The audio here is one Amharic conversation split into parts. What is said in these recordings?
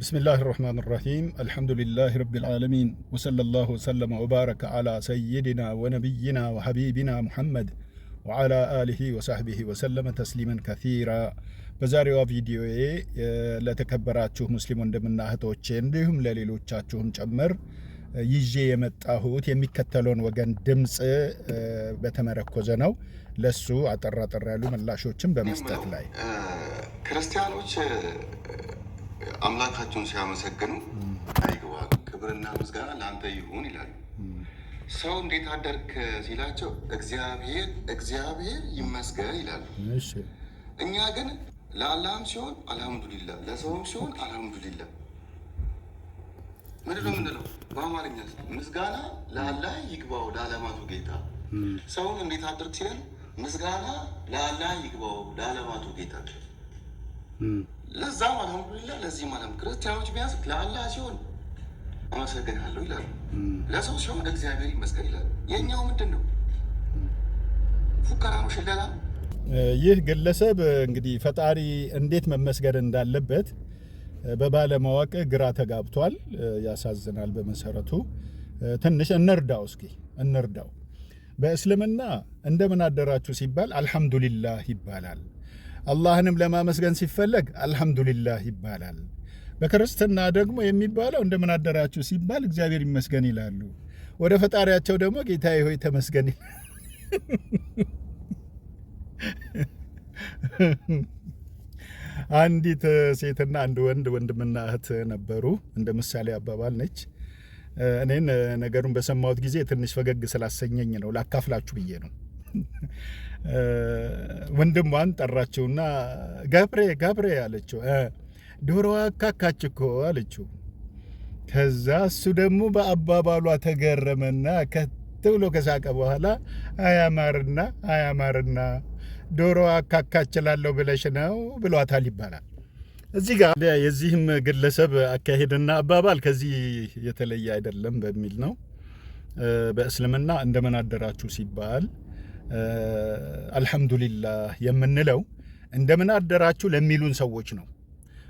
ብስሚላህ ራህማን ራሂም አልሐምዱሊላህ ረቢል ዓለሚን ወሰለላሁ ወሰለመ ወባረከ ዓላ ሰይድና ወነቢይና ወሐቢቢና ሙሐመድ ወዓላ አሊሂ ወሳሕቢሂ ወሰለመ ተስሊመን ከሲራ። በዛሬዋ ቪዲዮዬ ለተከበራችሁ ሙስሊም ወንድምና እህቶቼ እንዲሁም ለሌሎቻችሁም ጭምር ይዤ የመጣሁት የሚከተለውን ወገን ድምፅ በተመረኮዘ ነው። ለሱ አጠር አጠር ያሉ ምላሾችን በመስጠት ላይ ክርስቲያኖች አምላካቸውን ሲያመሰግኑ አይግባ ክብርና ምስጋና ለአንተ ይሁን ይላሉ። ሰው እንዴት አደርክ ሲላቸው እግዚአብሔር እግዚአብሔር ይመስገን ይላሉ። እኛ ግን ለአላህም ሲሆን አልሐምዱሊላ፣ ለሰውም ሲሆን አልሐምዱሊላ ምንድነው ምንለው? በአማርኛ ምስጋና ለአላህ ይግባው ለዓለማቱ ጌታ። ሰውን እንዴት አደርክ ሲለን ምስጋና ለአላህ ይግባው ለዓለማቱ ጌታ ለዛም አልሐምዱሊላ ለዚህም አለም ክርስቲያኖች ቢያንስ ለአላህ ሲሆን አመሰግናለሁ ይላሉ፣ ለሰው ሲሆን እግዚአብሔር ይመስገን ይላሉ። የእኛው ምንድን ነው? ፉከራ ነው፣ ሽለላ ይህ ግለሰብ እንግዲህ ፈጣሪ እንዴት መመስገን እንዳለበት በባለማወቅ ግራ ተጋብቷል። ያሳዝናል። በመሰረቱ ትንሽ እንርዳው እስኪ እንርዳው። በእስልምና እንደምን አደራችሁ ሲባል አልሐምዱሊላህ ይባላል። አላህንም ለማመስገን ሲፈለግ አልሐምዱሊላህ ይባላል። በክርስትና ደግሞ የሚባለው እንደምን አደራችሁ ሲባል እግዚአብሔር ይመስገን ይላሉ። ወደ ፈጣሪያቸው ደግሞ ጌታዬ ሆይ ተመስገን አንዲት ሴትና አንድ ወንድ ወንድምና እህት ነበሩ። እንደ ምሳሌ አባባል ነች። እኔን ነገሩን በሰማሁት ጊዜ ትንሽ ፈገግ ስላሰኘኝ ነው ላካፍላችሁ ብዬ ነው። ወንድሟን ጠራችውና ገብሬ ገብሬ አለችው። ዶሮ አካካች እኮ አለችው። ከዛ እሱ ደግሞ በአባባሏ ተገረመና ከት ብሎ ከሳቀ በኋላ አያማርና አያማርና ዶሮዋ አካካችላለሁ ብለሽ ነው ብሏታል ይባላል። እዚህ ጋር የዚህም ግለሰብ አካሄድና አባባል ከዚህ የተለየ አይደለም በሚል ነው በእስልምና እንደምን አደራችሁ ሲባል አልሐምዱሊላህ የምንለው እንደምን አደራችሁ ለሚሉን ሰዎች ነው።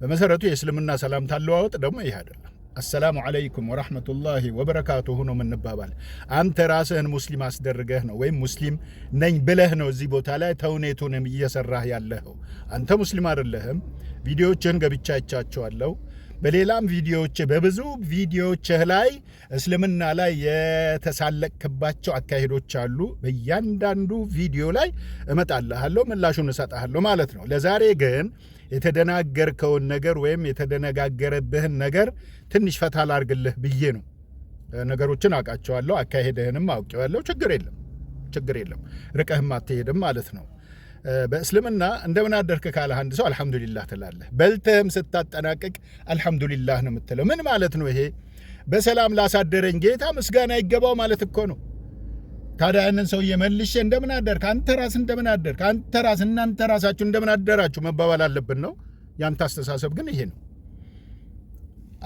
በመሰረቱ የእስልምና ሰላምታ አለዋወጥ ደግሞ ይህ አይደለም። አሰላሙ አለይኩም ወራህመቱላሂ ወበረካቱ ነው ምንባባል አንተ ራስህን ሙስሊም አስደርገህ ነው ወይም ሙስሊም ነኝ ብለህ ነው እዚህ ቦታ ላይ ተውኔቱንም እየሰራህ ያለኸው። አንተ ሙስሊም አይደለህም። ቪዲዮዎችህን ገብቻ አይቻቸዋለሁ። በሌላም ቪዲዮዎች በብዙ ቪዲዮዎች ላይ እስልምና ላይ የተሳለቅክባቸው አካሄዶች አሉ። በእያንዳንዱ ቪዲዮ ላይ እመጣልሃለሁ፣ ምላሹን እሰጥሃለሁ ማለት ነው። ለዛሬ ግን የተደናገርከውን ነገር ወይም የተደነጋገረብህን ነገር ትንሽ ፈታ ላርግልህ ብዬ ነው። ነገሮችን አውቃቸዋለሁ፣ አካሄድህንም አውቄዋለሁ። ችግር የለም ችግር የለም፣ ርቀህም አትሄድም ማለት ነው። በእስልምና እንደምን አደርክ ካለ አንድ ሰው አልሐምዱሊላህ ትላለህ። በልተህም ስታጠናቀቅ አልሐምዱሊላህ ነው የምትለው። ምን ማለት ነው ይሄ? በሰላም ላሳደረኝ ጌታ ምስጋና ይገባው ማለት እኮ ነው። ታዲያ ያንን ሰውዬ መልሼ እንደምን አደርክ፣ አንተ ራስ እንደምን አደርክ፣ አንተ ራስ እናንተ ራሳችሁ እንደምን አደራችሁ መባባል አለብን ነው። ያንተ አስተሳሰብ ግን ይሄ ነው።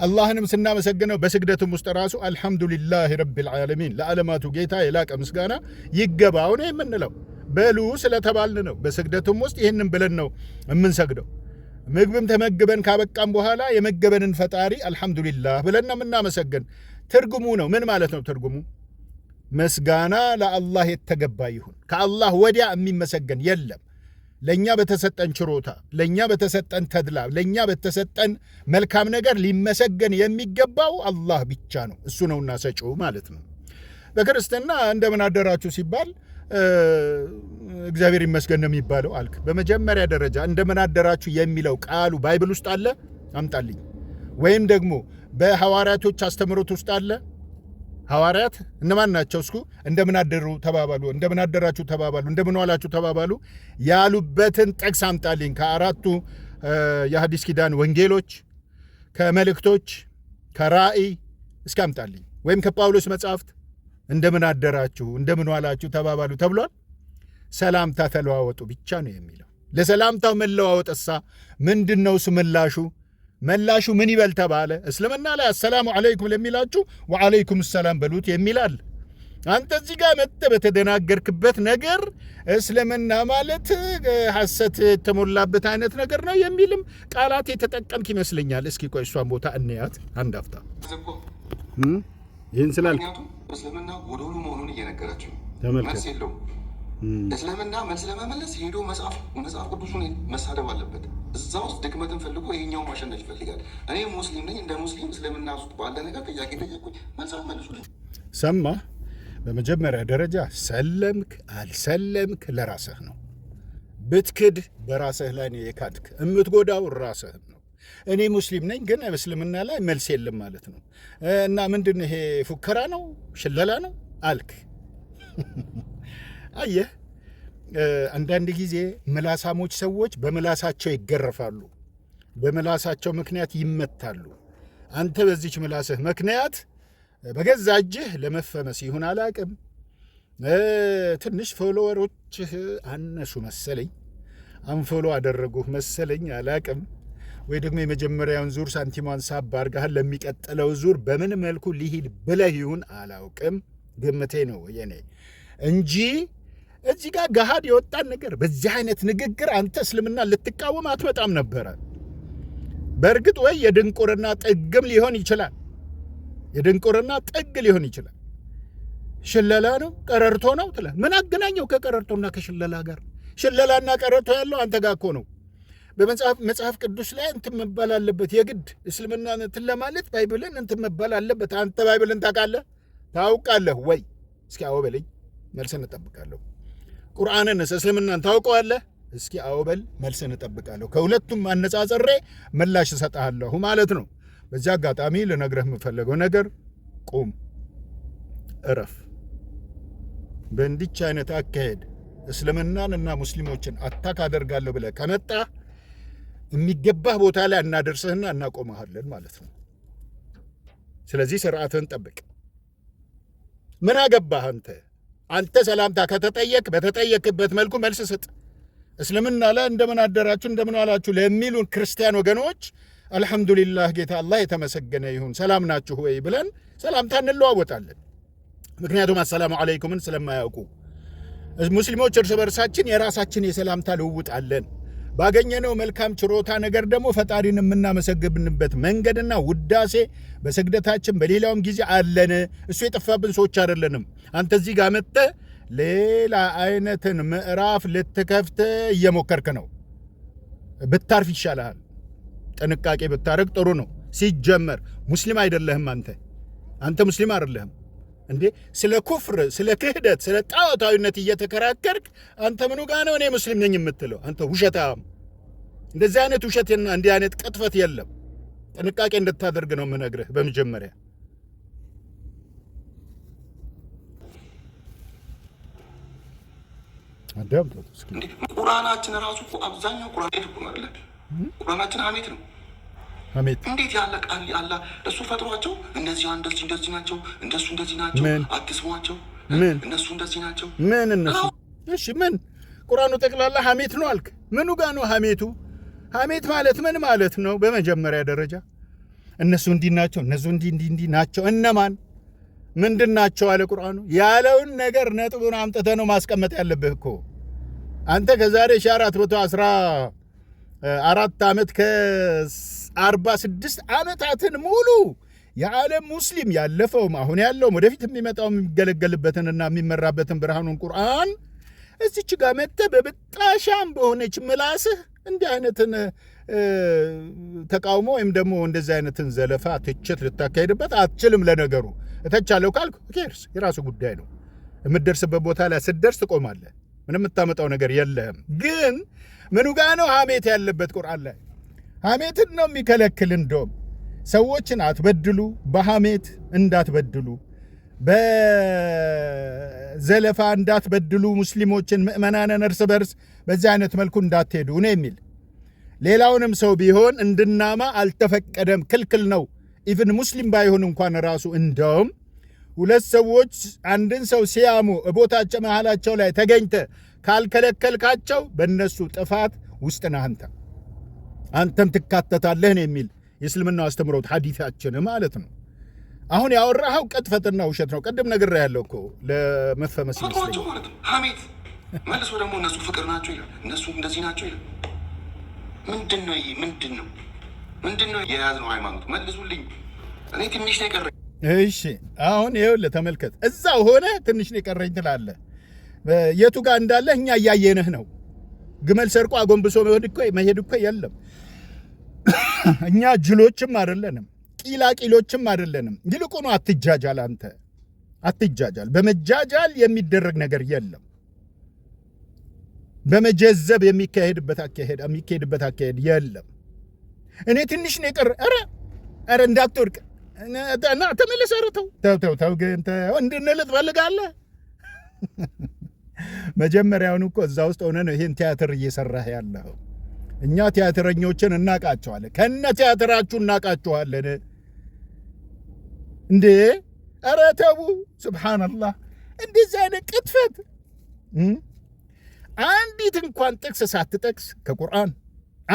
አላህንም ስናመሰግነው በስግደትም ውስጥ ራሱ አልሐምዱሊላህ ረቢል ዓለሚን ለዓለማቱ ጌታ የላቀ ምስጋና ይገባው ነው የምንለው። በሉ ስለተባልን ነው። በስግደትም ውስጥ ይህንን ብለን ነው የምንሰግደው። ምግብም ተመግበን ካበቃም በኋላ የመገበንን ፈጣሪ አልሐምዱሊላህ ብለን ነው የምናመሰገን። ትርጉሙ ነው ምን ማለት ነው? ትርጉሙ ምስጋና ለአላህ የተገባ ይሁን። ከአላህ ወዲያ የሚመሰገን የለም። ለእኛ በተሰጠን ችሮታ፣ ለእኛ በተሰጠን ተድላ፣ ለእኛ በተሰጠን መልካም ነገር ሊመሰገን የሚገባው አላህ ብቻ ነው። እሱ ነውና ሰጪው ማለት ነው። በክርስትና እንደምን አደራችሁ ሲባል እግዚአብሔር ይመስገን ነው የሚባለው አልክ። በመጀመሪያ ደረጃ እንደምን አደራችሁ የሚለው ቃሉ ባይብል ውስጥ አለ አምጣልኝ። ወይም ደግሞ በሐዋርያቶች አስተምህሮት ውስጥ አለ። ሐዋርያት እነማን ናቸው? እስኩ እንደምን አደሩ ተባባሉ፣ እንደምን አደራችሁ ተባባሉ፣ እንደምን ዋላችሁ ተባባሉ ያሉበትን ጥቅስ አምጣልኝ ከአራቱ የሐዲስ ኪዳን ወንጌሎች ከመልእክቶች ከራእይ እስኪ አምጣልኝ ወይም ከጳውሎስ መጽሐፍት እንደምን አደራችሁ፣ እንደምን ዋላችሁ ተባባሉ ተብሏል። ሰላምታ ተለዋወጡ ብቻ ነው የሚለው። ለሰላምታው መለዋወጥሳ ምንድን ነው ምላሹ? መላሹ ምን ይበል ተባለ? እስልምና ላይ አሰላሙ አለይኩም ለሚላችሁ ወአለይኩም ሰላም በሉት የሚላል። አንተ እዚህ ጋር መጥተህ በተደናገርክበት ነገር እስልምና ማለት ሐሰት የተሞላበት አይነት ነገር ነው የሚልም ቃላት የተጠቀምክ ይመስለኛል። እስኪ ቆይ እሷን ቦታ እንያት አንድ አፍታ ይህን ስላልክ እስልምና ጎዶሎ መሆኑን እየነገራቸው መልስ የለውም። እስልምና መልስ ለመመለስ ሄዶ መጽሐፍ መጽሐፍ ቅዱሱን መሳደብ አለበት። እዛ ውስጥ ድክመትን ፈልጎ ይሄኛው ማሸነፍ ይፈልጋል። እኔ ሙስሊም ነኝ፣ እንደ ሙስሊም እስልምና ውስጥ ባለ ነገር ጥያቄ ጠየቁኝ፣ መጽሐፍ መልሱልኝ። ሰማ። በመጀመሪያ ደረጃ ሰለምክ አልሰለምክ ለራስህ ነው። ብትክድ በራስህ ላይ ነው የካድክ፣ የምትጎዳው ራስህ ነው። እኔ ሙስሊም ነኝ ግን እስልምና ላይ መልስ የለም ማለት ነው። እና ምንድን ይሄ ፉከራ ነው ሽለላ ነው አልክ። አየህ፣ አንዳንድ ጊዜ ምላሳሞች ሰዎች በምላሳቸው ይገረፋሉ፣ በምላሳቸው ምክንያት ይመታሉ። አንተ በዚች ምላስህ ምክንያት በገዛ እጅህ ለመፈመስ ይሁን አላቅም፣ ትንሽ ፎሎወሮችህ አነሱ መሰለኝ፣ አንፎሎ አደረጉህ መሰለኝ አላቅም ወይ ደግሞ የመጀመሪያውን ዙር ሳንቲሟን ሳብ አድርገሃል ለሚቀጥለው ዙር በምን መልኩ ሊሂድ ብለህ ይሁን አላውቅም። ግምቴ ነው የኔ እንጂ እዚህ ጋር ገሃድ የወጣን ነገር በዚህ አይነት ንግግር አንተ እስልምና ልትቃወም አትመጣም ነበረ። በእርግጥ ወይ የድንቁርና ጥግም ሊሆን ይችላል። የድንቁርና ጥግ ሊሆን ይችላል። ሽለላ ነው፣ ቀረርቶ ነው ምን አገናኘው ከቀረርቶና ከሽለላ ጋር? ሽለላና ቀረርቶ ያለው አንተ ጋር እኮ ነው። በመጽሐፍ መጽሐፍ ቅዱስ ላይ እንትን መባል አለበት። የግድ እስልምና እንትን ለማለት ባይብልን እንትን መባል አለበት። አንተ ባይብልን ታውቃለህ ታውቃለህ ወይ? እስኪ አወበልኝ በለኝ፣ መልስ እንጠብቃለሁ። ቁርአንንስ እስልምናን ታውቀዋለህ? እስኪ አወበል በል፣ እጠብቃለሁ። እንጠብቃለሁ። ከሁለቱም አነጻጽሬ ምላሽ እሰጥሃለሁ ማለት ነው። በዚህ አጋጣሚ ልነግረህ የምፈለገው ነገር ቁም፣ እረፍ። በእንዲች አይነት አካሄድ እስልምናን እና ሙስሊሞችን አታክ አደርጋለሁ ብለህ ከመጣ የሚገባህ ቦታ ላይ እናደርስህና እናቆመሃለን ማለት ነው። ስለዚህ ስርዓትህን ጠብቅ። ምን አገባህ አንተ? አንተ ሰላምታ ከተጠየቅ በተጠየቅበት መልኩ መልስ ስጥ። እስልምና ላይ እንደምን አደራችሁ እንደምን አላችሁ ለሚሉን ክርስቲያን ወገኖች አልሐምዱሊላህ ጌታ አላህ የተመሰገነ ይሁን ሰላም ናችሁ ወይ ብለን ሰላምታ እንለዋወጣለን። ምክንያቱም አሰላሙ አለይኩምን ስለማያውቁ ሙስሊሞች እርስ በርሳችን የራሳችን የሰላምታ ልውውጥ አለን። ባገኘነው መልካም ችሮታ ነገር ደግሞ ፈጣሪን የምናመሰግንበት መንገድና ውዳሴ በስግደታችን በሌላውም ጊዜ አለን። እሱ የጠፋብን ሰዎች አይደለንም። አንተ እዚህ ጋር መጥተህ ሌላ አይነትን ምዕራፍ ልትከፍት እየሞከርክ ነው። ብታርፍ ይሻልሃል። ጥንቃቄ ብታረግ ጥሩ ነው። ሲጀመር ሙስሊም አይደለህም አንተ አንተ ሙስሊም አይደለህም። እንዴ ስለ ኩፍር፣ ስለ ክህደት፣ ስለ ጣዖታዊነት እየተከራከርክ አንተ ምኑ ጋ ነው እኔ ሙስሊም ነኝ የምትለው? አንተ ውሸታም! እንደዚህ አይነት ውሸትና እንዲህ አይነት ቅጥፈት የለም። ጥንቃቄ እንድታደርግ ነው የምነግርህ። በመጀመሪያ ቁርአናችን ራሱ አብዛኛው ቁርአን ቁርአናችን ሐሜት ነው እንዴት ያለ ቃል ያለ እሱ ፈጥሯቸው እነዚህ እንደዚህ እንደዚህ ናቸው፣ እንደሱ እንደዚህ ናቸው፣ አትስሟቸው፣ ምን እነሱ እንደዚህ ናቸው። ምን እነሱ እሺ፣ ምን ቁርአኑ ጠቅላላ ሀሜት ነው አልክ። ምኑ ጋ ነው ሀሜቱ? ሀሜት ማለት ምን ማለት ነው? በመጀመሪያ ደረጃ እነሱ እንዲህ ናቸው፣ እነሱ እንዲህ እንዲህ እንዲህ ናቸው። እነማን ምንድን ናቸው አለ ቁርአኑ። ያለውን ነገር ነጥቡን አምጥተ ነው ማስቀመጥ ያለብህ እኮ አንተ ከዛሬ ሺህ አራት መቶ አስራ አራት ዓመት ከ 46 ዓመታትን ሙሉ የዓለም ሙስሊም ያለፈውም አሁን ያለውም ወደፊት የሚመጣው የሚገለገልበትንና የሚመራበትን ብርሃኑን ቁርአን እዚች ጋር መተ በብጣሻም በሆነች ምላስህ እንዲህ አይነትን ተቃውሞ ወይም ደግሞ እንደዚህ አይነትን ዘለፋ ትችት ልታካሄድበት አትችልም። ለነገሩ እተቻለሁ ካልክ ኬርስ የራሱ ጉዳይ ነው። የምትደርስበት ቦታ ላይ ስትደርስ ትቆማለህ። ምንም የምታመጣው ነገር የለህም። ግን ምኑ ጋ ነው ሀሜት ያለበት ቁርአን ላይ ሐሜትን ነው የሚከለክል። እንደውም ሰዎችን አትበድሉ፣ በሐሜት እንዳትበድሉ፣ በዘለፋ እንዳትበድሉ፣ ሙስሊሞችን ምእመናንን እርስ በርስ በዚህ አይነት መልኩ እንዳትሄዱ ነው የሚል ሌላውንም ሰው ቢሆን እንድናማ አልተፈቀደም፣ ክልክል ነው። ኢቭን ሙስሊም ባይሆን እንኳን ራሱ እንደውም ሁለት ሰዎች አንድን ሰው ሲያሙ እቦታቸው መሃላቸው ላይ ተገኝተ ካልከለከልካቸው በእነሱ ጥፋት ውስጥ ነህ አንተ። አንተም ትካተታለህ ነው የሚል የእስልምናው አስተምሮት ሐዲታችን ማለት ነው። አሁን ያወራኸው ቅጥፈትና ውሸት ነው። ቅድም ነግራ ያለው እኮ ለመፈመስ ይመስለኛል። ሐሜት መልሶ ደግሞ እነሱ ፍቅር ናቸው ይላል፣ እነሱ እንደዚህ ናቸው ይላል። ምንድን ነው ይሄ? ምንድን ነው ምንድን ነው የያዝነው ሃይማኖት? መልሱልኝ። እኔ ትንሽ ነው የቀረኝ። እሺ አሁን ይኸውልህ ተመልከት፣ እዛው ሆነ ትንሽ ነው የቀረኝ ትላለህ። የቱ ጋር እንዳለህ እኛ እያየንህ ነው ግመል ሰርቆ አጎንብሶ መሄድ እኮ መሄድ እኮ የለም። እኛ ጅሎችም አይደለንም፣ ቂላቂሎችም አይደለንም። ይልቁኑ አትጃጃል፣ አንተ አትጃጃል። በመጃጃል የሚደረግ ነገር የለም። በመጀዘብ የሚካሄድበት አካሄድ የሚካሄድበት አካሄድ የለም። እኔ ትንሽ ነው የቀረ። ኧረ ኧረ እንዳትወድቅ እና ተመለሰ። ኧረ ተው ተው ተው ግን ተው እንድንልጥ ፈልጋለህ? መጀመሪያውን እኮ እዛ ውስጥ ሆነ ነው ይህን ቲያትር እየሰራህ ያለው እኛ ቲያትረኞችን እናቃቸዋለን፣ ከነ ቲያትራችሁ እናቃችኋለን። እንዴ ኧረ ተው! ስብሓነላህ እንደዚህ አይነት ቅጥፈት አንዲት እንኳን ጥቅስ ሳትጠቅስ ከቁርአን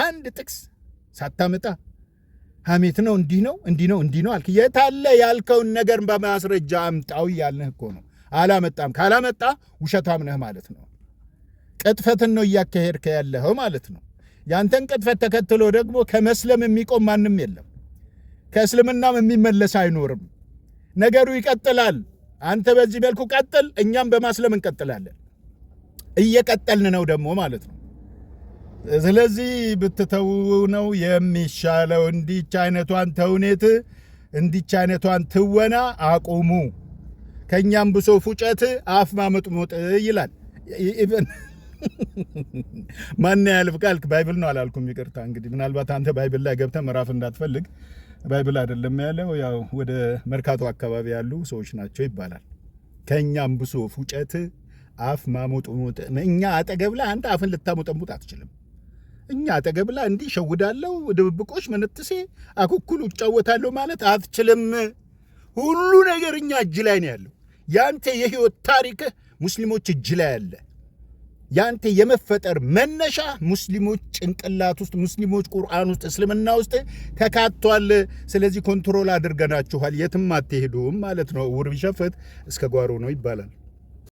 አንድ ጥቅስ ሳታመጣ ሐሜት ነው እንዲህ ነው እንዲህ ነው እንዲህ ነው አልክ። የታለ ያልከውን ነገር በማስረጃ አምጣው እያልንህ እኮ ነው። አላመጣም። ካላመጣ ውሸታም ነህ ማለት ነው። ቅጥፈትን ነው እያካሄድከ ያለህ ማለት ነው። ያንተን ቅጥፈት ተከትሎ ደግሞ ከመስለም የሚቆም ማንም የለም። ከእስልምናም የሚመለስ አይኖርም። ነገሩ ይቀጥላል። አንተ በዚህ መልኩ ቀጥል፣ እኛም በማስለም እንቀጥላለን። እየቀጠልን ነው ደግሞ ማለት ነው። ስለዚህ ብትተው ነው የሚሻለው። እንዲች አይነቷን ተውኔት፣ እንዲች አይነቷን ትወና አቁሙ። ከእኛም ብሶ ፉጨት አፍ ማመጥሞጥ ይላል። ኢቨን ማን ያልፍ ካልክ ባይብል ነው አላልኩም። ይቅርታ እንግዲህ ምናልባት አንተ ባይብል ላይ ገብተህ ምዕራፍ እንዳትፈልግ ባይብል አይደለም ያለው፣ ያው ወደ መርካቶ አካባቢ ያሉ ሰዎች ናቸው ይባላል። ከእኛም ብሶ ፉጨት አፍ ማሞጥሞጥ። እኛ አጠገብ ላይ አንተ አፍን ልታሞጠሙጥ አትችልም። እኛ አጠገብ ላይ እንዲህ ሸውዳለሁ፣ ድብብቆች፣ መነትሴ፣ አኩኩል እጫወታለሁ ማለት አትችልም። ሁሉ ነገር እኛ እጅ ላይ ነው ያለው። ያንተ የህይወት ታሪክህ ሙስሊሞች እጅ ላይ ያለ ያንተ የመፈጠር መነሻ ሙስሊሞች ጭንቅላት ውስጥ ሙስሊሞች ቁርአን ውስጥ እስልምና ውስጥ ተካቷል። ስለዚህ ኮንትሮል አድርገናችኋል፣ የትም አትሄዱም ማለት ነው። እውር ቢሸፍት እስከ ጓሮ ነው ይባላል።